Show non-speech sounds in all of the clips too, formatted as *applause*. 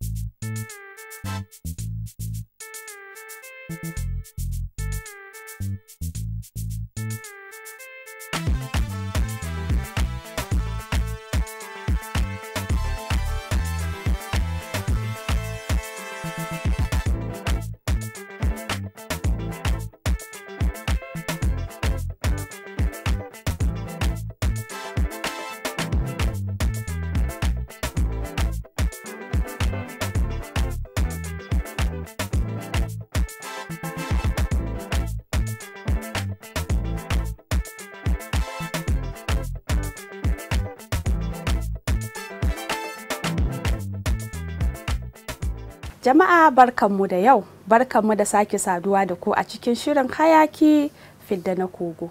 Thank you. Jama'a barkanmu da yau, barkanmu da sake saduwa da ku a cikin shirin hayaki fidda na kogo.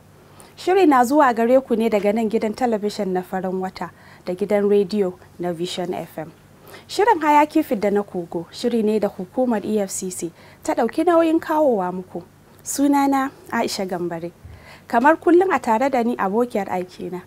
Shiri na zuwa gare ku ne daga nan gidan talabijin na farin wata da gidan rediyo na Vision FM. Shirin hayaki fidda na kogo shiri ne da hukumar EFCC ta ɗauki nauyin kawowa muku. Sunana Aisha Gambare. Kamar kullum a tare da ni abokiyar aikina.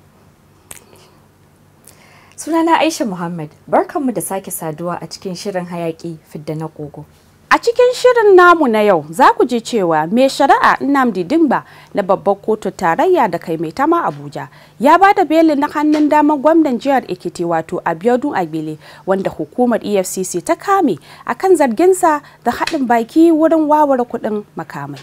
Sunana Aisha Muhammad, barkanmu da sake saduwa a cikin shirin hayaƙi fidda na kogo. A cikin shirin namu na yau za ku ji cewa mai shari'a Nnamdi Dimba na babbar kotu tarayya da kai mai tama Abuja ya ba da beli na hannun damar gwamnan jihar Ekiti wato Abiodun Agbele wanda hukumar EFCC ta kame akan zarginsa da haɗin baki wurin wawar kuɗin makamai.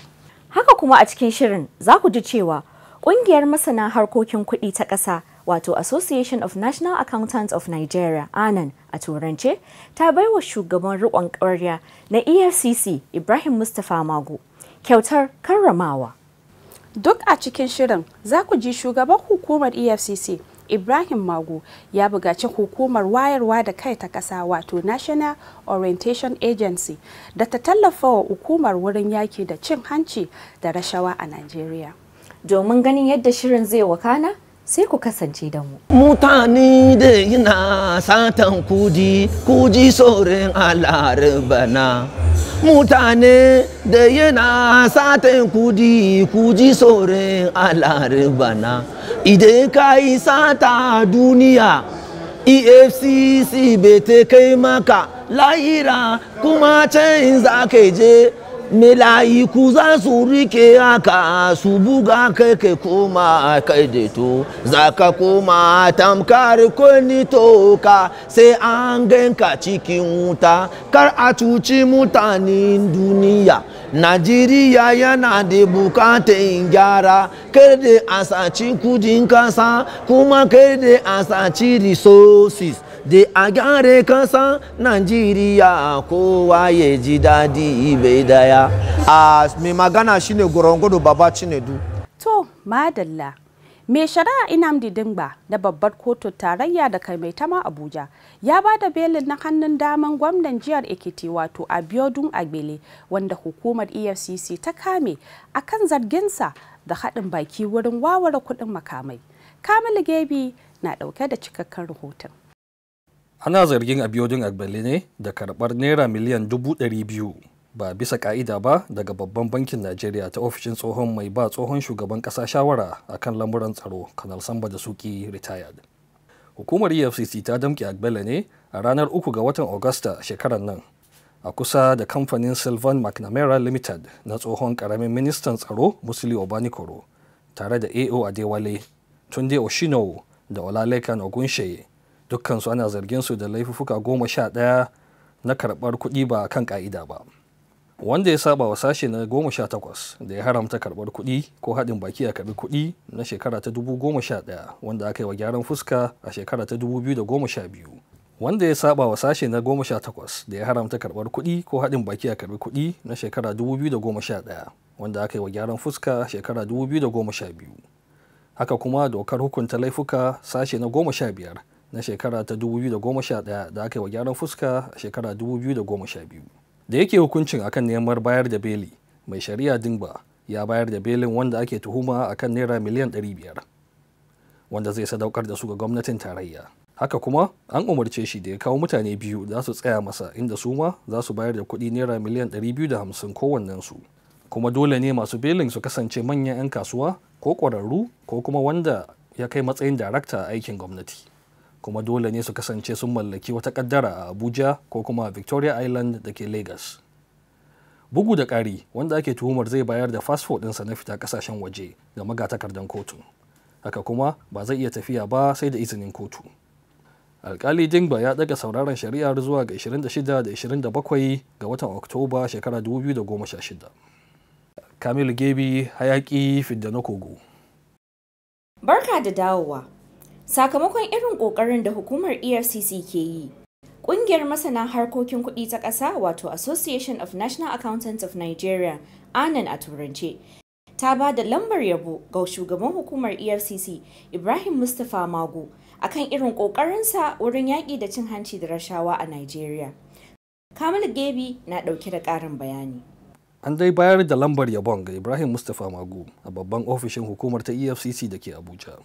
Haka kuma a cikin shirin za ku ji cewa ƙungiyar masana harkokin kuɗi ta ƙasa wato Association of National Accountants of Nigeria ANAN a turance ta baiwa shugaban riƙon ƙwarya na EFCC Ibrahim Mustapha Mago kyautar karramawa. Duk a cikin shirin za ku ji shugaban hukumar EFCC Ibrahim Mago ya bugaci hukumar wayarwa da kai ta ƙasa wato National Orientation Agency da ta tallafa wa hukumar wurin yaki da cin hanci da rashawa a Najeriya. Domin ganin yadda shirin zai wakana, sai ku kasance da mu. Mutane da yana satan kuji, kuji saurin alarabana. Mutane da yana satan kuji, kuji saurin alarabana. Idan ka yi sata duniya, EFCC bai ta kai maka lahira kuma can za ka je Milayiku za su rike aka su buga kai kai koma kai daito za ka koma tamkar kwani toka sai an ganka cikin wuta kar a cuci mutanen duniya Najeriya yana da bukatan gyara kar da asaci kudin kasa kuma kar da asaci resources da agare gyare kasan najeriya kowa ya ji daɗi bai daya a mai magana shine gorongodo baba chinedu. to madalla mai shari'a inamdi dingba na babbar kotun tarayya da kai mai tama abuja ya ba da belin na hannun daman gwamnan jihar ekiti wato abiodun agbele wanda hukumar efcc ta kame akan zarginsa da haɗin baki wurin wawara kuɗin makamai kamilu gebi na ɗauke da cikakken rahoton ana zargin abiodun agbali ne da karbar naira miliyan dubu ɗari biyu ba bisa ka'ida ba daga babban bankin najeriya ta ofishin tsohon mai ba tsohon shugaban ƙasa shawara a kan lamuran tsaro kanal samba da suki retired hukumar efcc ta damke agbali ne a ranar uku ga watan augusta shekarar nan a kusa da kamfanin sylvan mcnamara limited na tsohon karamin ministan tsaro musili obanikoro tare da ao adewale tunde oshino da olalekan ogunshe dukkansu ana zargin su da laifuka goma sha ɗaya na karɓar kuɗi ba kan ƙa'ida ba wanda ya saba wa sashe na goma sha takwas da ya haramta karɓar kuɗi ko haɗin baki a karɓi kuɗi na shekara ta dubu goma sha ɗaya wanda aka yi wa gyaran fuska a shekara ta dubu biyu da goma sha biyu wanda ya saba wa sashe na goma sha takwas da ya haramta karɓar kuɗi ko haɗin baki a karɓi kuɗi na shekara dubu biyu da goma sha ɗaya wanda aka yi wa gyaran fuska a shekara dubu biyu da goma sha biyu haka kuma dokar hukunta laifuka sashe na goma sha biyar na shekara ta 2011 da aka yi wa gyaran fuska a shekara 2012 da yake hukuncin akan neman bayar da beli mai shari'a dingba ya bayar da belin wanda ake tuhuma akan naira miliyan 500 wanda zai sadaukar da su ga gwamnatin tarayya haka kuma an umarce shi da ya kawo mutane biyu za su tsaya masa inda su ma za su bayar da kuɗi naira miliyan 250 su. kuma dole ne masu belin su kasance manyan 'yan kasuwa ko ƙwararru ko kuma wanda ya kai matsayin darakta aikin gwamnati kuma dole ne su kasance sun mallaki wata kaddara a abuja ko kuma victoria island da ke lagos bugu da ƙari wanda ake tuhumar zai bayar da fasfo ɗinsa na fita kasashen waje da magatakardan kotu haka kuma ba zai iya tafiya ba sai da izinin kotu alkali dingba ya daga sauraron shari'ar zuwa ga 26 da 27 ga watan oktoba shekara 2016 kamil gebi hayaki fidda na kogo barka da dawowa Sakamakon irin kokarin da hukumar EFCC ke yi, kungiyar masana harkokin kudi ta kasa wato Association of National Accountants of Nigeria, ANAN a turance, ta ba da lambar yabo ga shugaban hukumar EFCC Ibrahim Mustapha Mago akan irin ƙoƙarinsa wurin yaƙi da cin hanci da rashawa a Nigeria. Kamil Gebi na ɗauke da ƙarin bayani. An dai bayar da lambar yabon ga Ibrahim Mustapha Mago a babban ofishin hukumar ta EFCC da ke Abuja.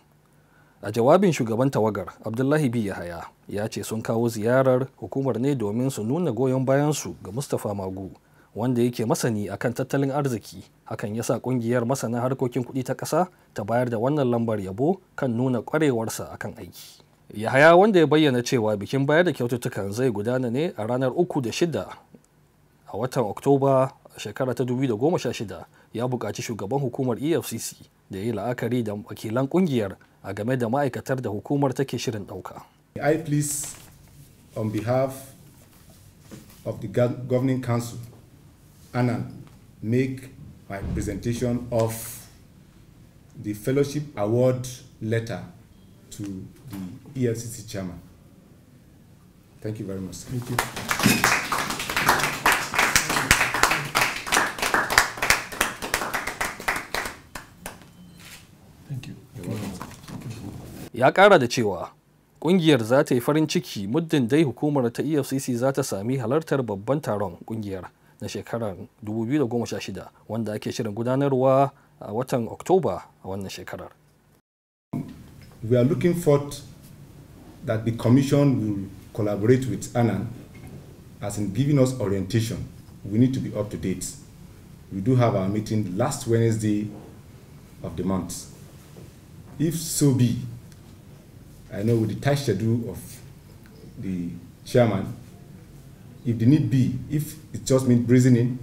a jawabin shugaban tawagar abdullahi bi yahaya ya ce sun kawo ziyarar hukumar ne domin su nuna goyon bayansu ga mustapha magu wanda yake masani akan tattalin arziki hakan yasa kungiyar masana harkokin kuɗi ta ƙasa ta bayar da wannan lambar yabo kan nuna ƙwarewarsa akan aiki yahaya wanda ya bayyana cewa bikin bayar da kyaututtukan zai gudana ne a ranar uku da shida a watan oktoba shekara ta 2016 ya buƙaci shugaban hukumar efcc da ya yi la'akari da wakilan kungiyar a game da ma'aikatar da hukumar take shirin I please on behalf of the governing council Anan, make my presentation of the fellowship award letter to the EFCC chairman. Thank you very much. Thank you. ya ƙara da cewa ƙungiyar za ta yi farin ciki muddin dai hukumar ta efcc za ta sami halartar babban taron ƙungiyar na shekarar 2016 wanda ake shirin gudanarwa a watan oktoba a wannan shekarar we are looking forward that the commission will collaborate with anan as in giving us orientation we need to be up to date we do have our meeting last wednesday of the month if so be I know with the tight schedule of the chairman, if the need be, if it just means breathing in,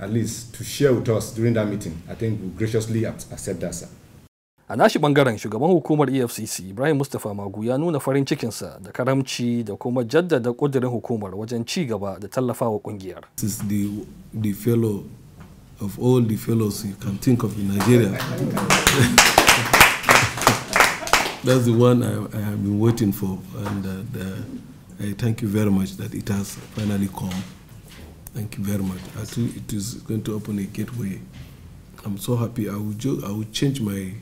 at least to share with us during that meeting, I think we graciously accept that, sir. a nashi bangaren shugaban hukumar efcc ibrahim mustapha magu ya nuna farin cikinsa da karamci da kuma jaddada kudirin hukumar wajen ci gaba da tallafawa kungiyar this is the, the fellow of all the fellows you can think of in nigeria *laughs* That's the one I, I, have been waiting for, and uh, the, I thank you very much that it has finally come. Thank you very much. Actually, it is going to open a gateway. I'm so happy. I will, I will change my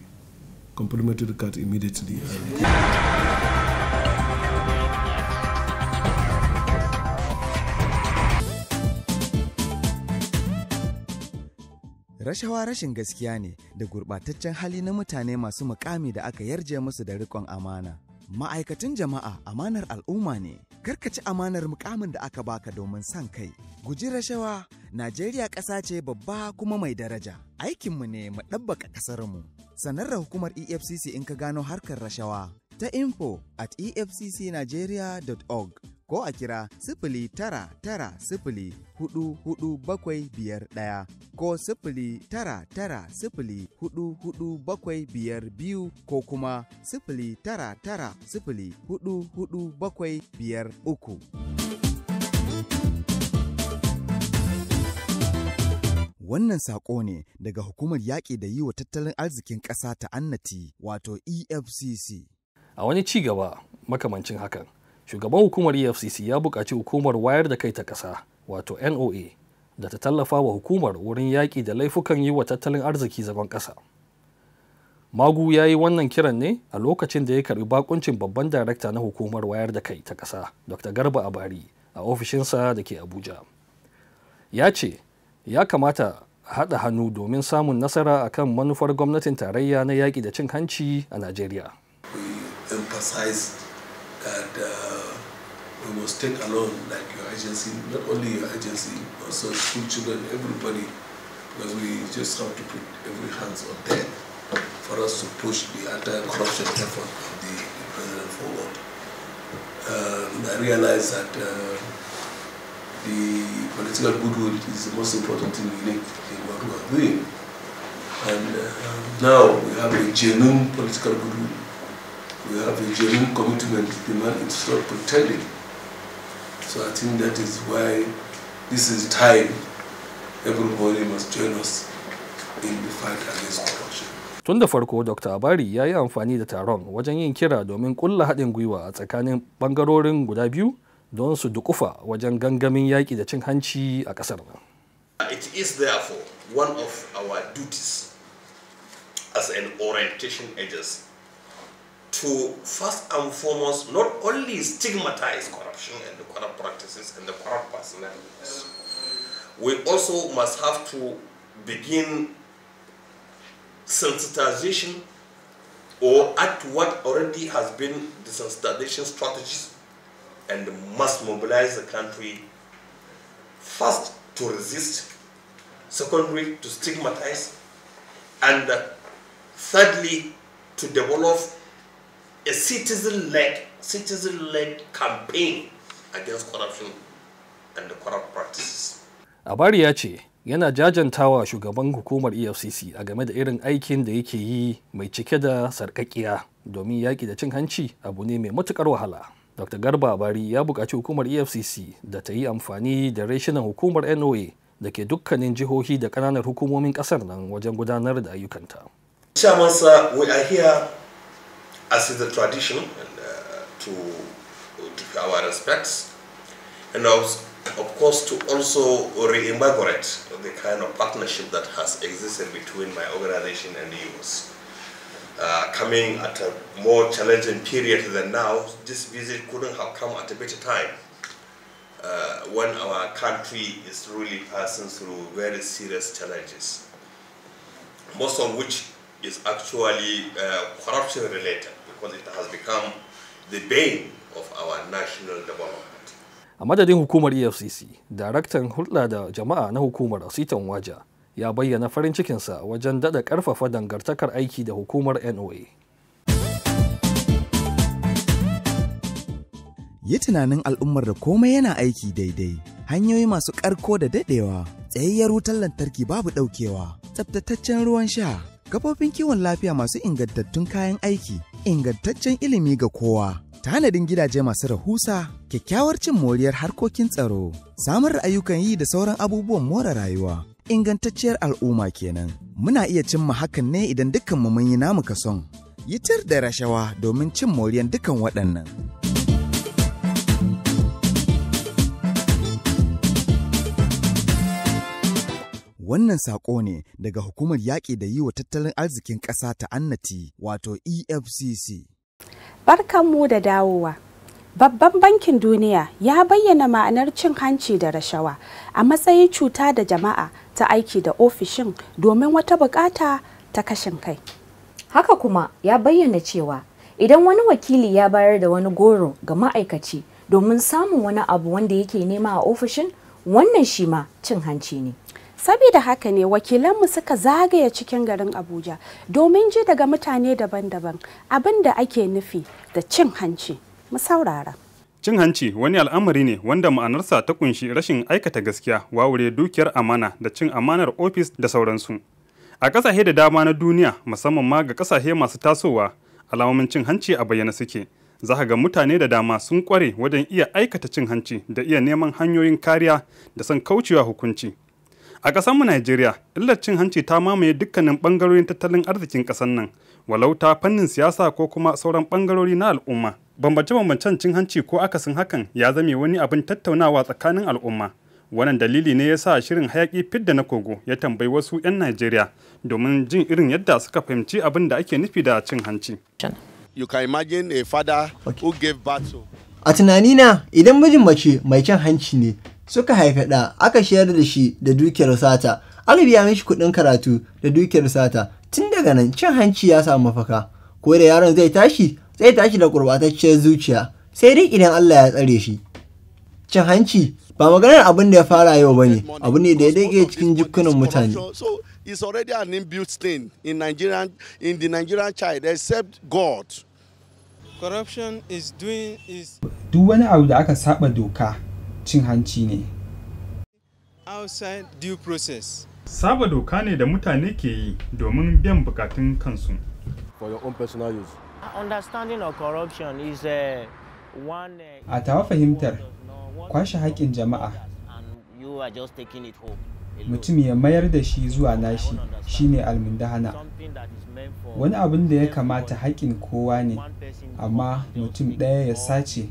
complimentary card immediately. Rashawa rashin gaskiya ne da gurɓataccen hali na mutane masu mukami da aka yarje musu da riƙon amana. Ma'aikatan jama'a amanar al'umma ne, ci amanar mukamin da aka baka domin son kai. Guji rashawa, Najeriya ƙasa ce babba kuma mai daraja. Aikinmu ne mu ɗabbaka ƙasarmu. Sanar da hukumar EFCC in ka gano harkar rashawa, ta info at efccnigeria.org ko a kira sifili tara tara ko sifili tara tara ko kuma sifili tara tara sifili uku. Wannan saƙo ne daga hukumar yaƙi da yi wa tattalin arzikin ƙasa ta annati wato EFCC. a wani ci gaba makamancin hakan shugaban hukumar efcc ya buƙaci hukumar wayar da kai ta ƙasa wato noa da ta tallafa wa hukumar wurin yaƙi da laifukan yi wa tattalin arziki zagon ƙasa magu ya yi wannan kiran ne a lokacin da ya karbi bakuncin babban darakta na hukumar wayar da kai ta ƙasa dr garba abari a ofishinsa da ke abuja ya ce ya kamata a haɗa hannu domin samun nasara akan manufar gwamnatin tarayya na yaƙi da cin hanci a najeriya emphasized that uh, we must take along like your agency, not only your agency, also school children, everybody, because we just have to put every hands on them for us to push the anti-corruption effort of the, the president forward. Um, I realize that uh, the political goodwill is the most important thing we need in what we are doing. And uh, now we have a genuine political goodwill We have a genuine commitment to demand it stop pretending. So I think that is why this is time everybody must join us in the fight against corruption. Tun da farko Dr. Abari ya yi amfani da taron wajen yin kira domin kulla haɗin gwiwa a tsakanin ɓangarorin guda biyu don su dukufa wajen gangamin yaƙi da cin hanci a ƙasar nan. It is therefore one of our duties as an orientation agency to first and foremost not only stigmatize corruption and the corrupt practices and the corrupt personalities, we also must have to begin sensitization or at what already has been sensitization strategies and must mobilize the country first to resist, secondly to stigmatize, and uh, thirdly to develop a citizen-led citizen-led campaign against corruption and the corrupt practices. Abari ya ce yana jajantawa shugaban hukumar EFCC a game da irin aikin da yake yi mai cike da sarkakiya domin yaƙi da cin hanci abu ne mai matuƙar wahala. Dr. Garba Abari ya buƙaci hukumar EFCC da ta yi amfani da reshinan hukumar NOA da ke dukkanin jihohi da ƙananan hukumomin ƙasar nan wajen gudanar da ayyukanta. Sha masa, we are here as is the tradition, and, uh, to our respects, and of course to also reinvigorate the kind of partnership that has existed between my organization and yours. Uh, coming at a more challenging period than now, this visit couldn't have come at a better time. Uh, when our country is really passing through very serious challenges, most of which is actually uh, corruption related. because it has become the bane of our national development. A madadin hukumar EFCC, daraktan hulɗa da jama'a na hukumar Sitan Waja ya bayyana farin cikinsa wajen daɗa ƙarfafa dangartakar aiki da hukumar NOA. Yi tunanin al'ummar da komai yana aiki daidai, hanyoyi masu ƙarko da daɗewa, tsayayyar wutar lantarki babu ɗaukewa, tsaftataccen ruwan sha, kafofin kiwon lafiya masu ingantattun kayan aiki ingantaccen ilimi ga kowa. tanadin gidaje masu rahusa, kyakkyawar cin moriyar harkokin tsaro, samar da ayyukan yi da sauran abubuwan more rayuwa, ingantacciyar al'umma kenan. Muna iya cimma hakan ne idan mu mun yi namu kason. Yitar da rashawa domin cin moriyar dukkan waɗannan. Wannan saƙo ne daga hukumar yaƙi da yi wa tattalin arzikin ƙasa ta annati wato EFCC. Barkanmu da dawowa. Babban bankin duniya ya bayyana ma'anar cin hanci da rashawa a matsayin cuta da jama'a ta aiki da ofishin domin wata bukata ta kashin kai. Haka kuma ya bayyana cewa idan wani wakili ya bayar da wani goro ga ma'aikaci domin samun wani abu wanda yake nema a ofishin wannan shi ma cin hanci ne. Saboda haka ne wakilanmu suka zagaya cikin garin Abuja domin ji daga mutane daban-daban abin da ake nufi da cin hanci. Mu saurara. Cin hanci wani al'amari ne wanda ma'anarsa ta kunshi rashin aikata gaskiya, wawure dukiyar amana da cin amanar ofis da sauransu. A ƙasashe da dama na duniya musamman ma ga ƙasashe masu tasowa alamomin cin hanci a bayyana suke. Za ga mutane da dama sun kware wajen iya aikata cin hanci da iya neman hanyoyin kariya da son kaucewa hukunci. A ƙasarmu Najeriya, illar cin hanci ta mamaye dukkanin ɓangarorin tattalin arzikin ƙasar nan, walau ta fannin siyasa ko kuma sauran bangarori na al'umma. Bambance-bambancen cin hanci ko akasin hakan ya zame wani abin tattaunawa tsakanin al'umma. Wannan dalili ne ya sa shirin hayaƙi fidda na kogo ya tambayi wasu 'yan Najeriya domin jin irin yadda suka fahimci abin da ake nufi da cin hanci. You a tunanina idan mijin mace mai cin hanci ne suka haifi ɗa aka shayar da shi da dukiyar sata aka biya mishi kuɗin karatu da dukiyar sata tun daga nan cin hanci ya samu mafaka ko da yaron zai tashi zai tashi da gurɓatacciyar zuciya sai dai idan Allah ya tsare shi cin hanci ba maganar abin da ya fara yau ba ne abu ne da ya dage cikin jikunan mutane already an inbuilt thing in Nigerian God. Corruption is doing is duk wani abu da aka saba doka cin hanci ne process saba doka ne da mutane ke yi domin biyan bukatun kansu understanding of is uh, uh, a tawa fahimtar kwashe haƙƙin jama'a mutum ya mayar da shi zuwa nashi shine almundahana wani abin da ya kamata haƙƙin kowa ne amma mutum ɗaya ya sace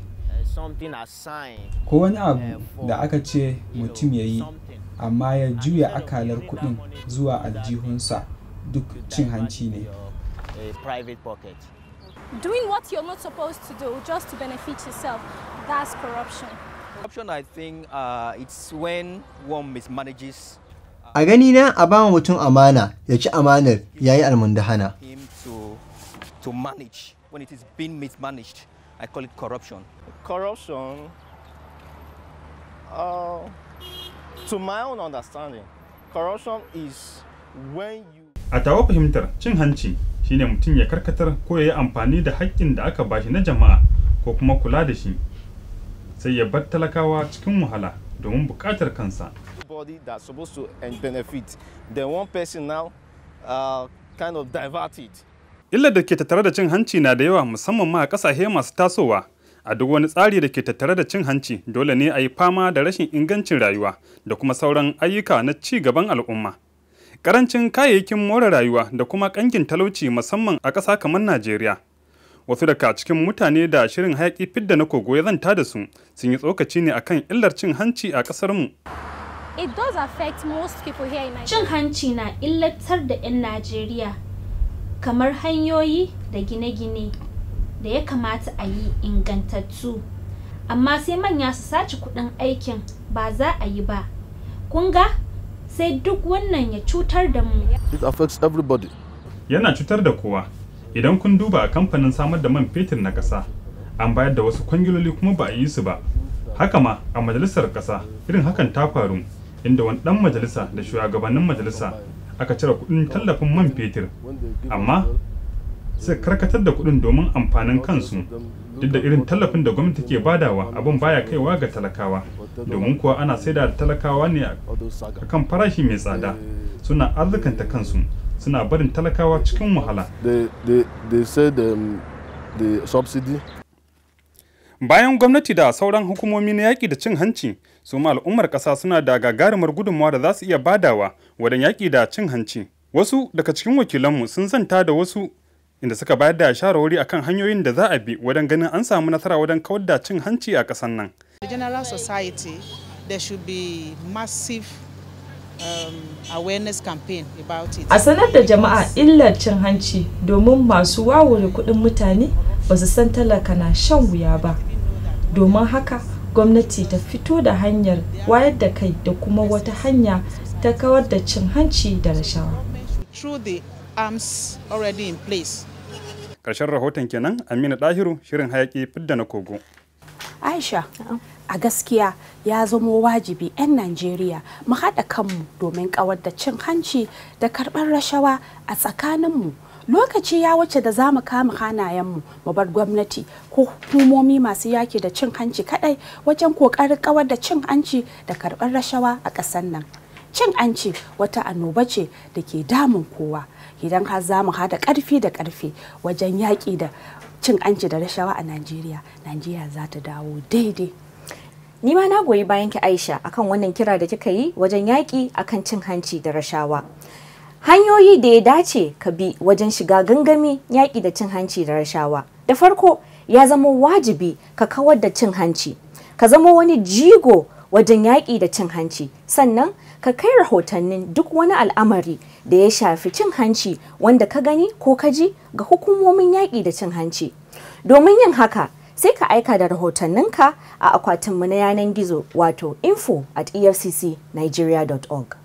ko wani abu eh, da aka ce mutum ya yi amma ya juya akalar kudin zuwa aljihunsa duk cin hanci ne eh, Doing what you're not supposed to do just to benefit yourself, that's corruption. Corruption, I think, uh, it's when one mismanages uh, a gani na a ba mutum amana ya ci amanar yayi almundahana. to manage when it is being mismanaged. I call it corruption. Corruption, uh, to my own understanding, corruption is when you. At our fahimtar cin hanci shine mutum ya Karkater, ko and Pani amfani da haƙƙin da aka bashi na jama'a ko kuma kula da shi sai ya bar talakawa cikin wahala domin kansa. Body that's supposed to benefit, then one person now uh, kind of diverted. Illar da ke tattare da cin hanci na da yawa musamman ma a ƙasashe masu tasowa. A duk wani tsari da ke tattare da cin hanci dole ne a yi fama da rashin ingancin rayuwa da kuma sauran ayyuka na ci gaban al'umma. Karancin kayayyakin more rayuwa da kuma ƙangin talauci musamman a ƙasa kamar Najeriya. Wasu daga cikin mutane da shirin hayaƙi fidda na kogo ya zanta da su sun yi tsokaci ne akan illar cin hanci a ƙasarmu. mu Cin hanci na illatar da 'yan Najeriya kamar hanyoyi da gine-gine da ya kamata a yi ingantattu amma sai manya su sace kudin aikin ba za a yi ba kunga sai duk wannan ya cutar da mu it affects everybody yana cutar da kowa idan kun duba a kamfanin samar da man fetur na kasa an bayar da wasu kwangiloli kuma ba a yi su ba haka ma a majalisar kasa irin hakan ta faru inda wani dan majalisa da shugabannin majalisa aka cire kuɗin tallafin man fetur amma sai karkatar da kuɗin domin amfanin kansu duk da irin tallafin da gwamnati ke badawa abin baya kaiwa ga talakawa domin kuwa ana saida talakawa ne a kan farashi mai tsada suna arzikanta kansu suna barin talakawa cikin wahala bayan gwamnati da sauran hukumomi na yaƙi da cin hanci su ma al'ummar ƙasa suna da gagarumar gudunmawa da za su iya badawa wajen yaƙi da cin hanci wasu daga cikin wakilanmu sun zanta da wasu inda suka bayar da shawarwari akan hanyoyin da za a bi wajen ganin an samu nasara wajen kawar da cin hanci a ƙasar nan. General Society there should Um, A sanar da jama'a illar cin hanci domin masu wawure kuɗin mutane ba su san talaka na shan wuya ba. Domin haka gwamnati ta fito da hanyar wayar da kai da kuma wata hanya ta kawar da cin hanci da rashawa. karshen arms Ƙarshen rahoton kenan Aminu Dahiru shirin hayaki fidda na kogo. Aisha. a gaskiya ya zamo wajibi 'yan najeriya mu haɗa kanmu domin kawar da cin hanci da karɓar rashawa a tsakaninmu lokaci ya wuce da za mu kama hanayenmu mu bar gwamnati ko hukumomi masu yaki da cin hanci kaɗai wajen ƙoƙarin kawar da cin hanci da karɓar rashawa a ƙasar nan cin hanci wata annoba ce da ke damun kowa idan har za mu haɗa ƙarfi da ƙarfi wajen yaƙi da cin hanci da rashawa a najeriya najeriya za ta dawo daidai Ni ma na goyi bayan ki Aisha akan wannan kira da kika yi wajen yaƙi akan cin hanci da rashawa. Hanyoyi da ya dace ka bi wajen shiga gangami yaƙi da cin hanci da rashawa. Da farko ya zama wajibi ka kawar da cin hanci. Ka zama wani jigo wajen yaƙi da cin hanci. Sannan ka kai rahotannin duk wani al'amari da ya shafi cin hanci wanda ka gani ko ka ji ga hukumomin yaƙi da cin hanci. Domin yin haka sai ka aika da rahotanninka a akwatinmu na yanar gizo wato info at efccnigeria.org.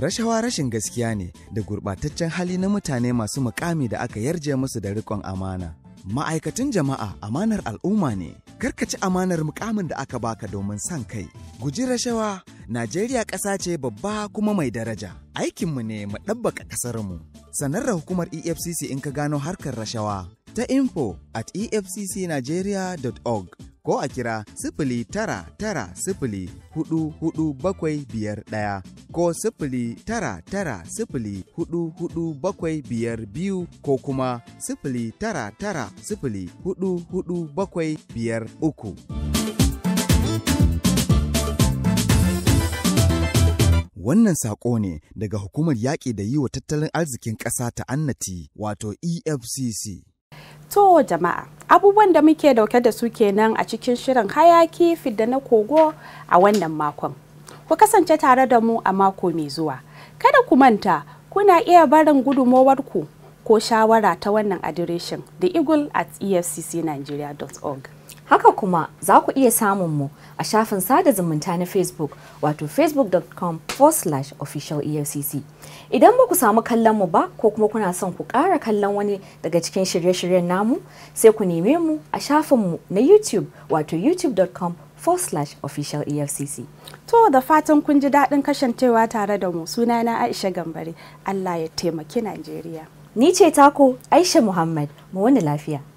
Rashawa rashin gaskiya ne da gurɓataccen hali na mutane masu mukami da aka yarje musu da riƙon amana. Ma'aikatan jama'a amanar al'umma ne, ci amanar mukamin da aka baka domin san kai. Guji rashawa, Najeriya ƙasa ce babba kuma mai daraja. Aikinmu ne mu ɗabbaka ƙasarmu. Sanar da hukumar EFCC in ka gano harkar rashawa ta info at efccnigeria.org. ko a kira sifili tara tara sifili hudu hudu bakwai biyar ɗaya ko sifili tara tara sifili hudu hudu bakwai biyar biyu ko kuma sifili tara tara sifili hudu hudu bakwai biyar uku. Wannan saƙo ne daga hukumar yaƙi da yi wa tattalin arzikin ƙasa ta annati wato EFCC. To jama'a, abubuwan da muke dauke da su kenan a cikin shirin hayaki fidda na kogo a wannan makon. Ku kasance tare da mu a mako mai zuwa. Kada ku manta, kuna iya barin gudunmowarku ko shawara ta wannan adireshin the eagle at efccnigeria.org. Haka kuma za ku iya samun mu a shafin sada zumunta na Facebook wato facebook.com/official efcc. Idan ba ku samu kallon mu ba ko kuma kuna son ku ƙara kallon wani daga cikin shirye-shiryen namu sai ku neme mu a shafin mu na YouTube wato youtube.com slash official EFCC. To da fatan kun ji daɗin kashantewa tare da mu suna na Aisha Gambari Allah ya taimaki Najeriya. Ni ce tako Aisha Muhammad mu wani lafiya.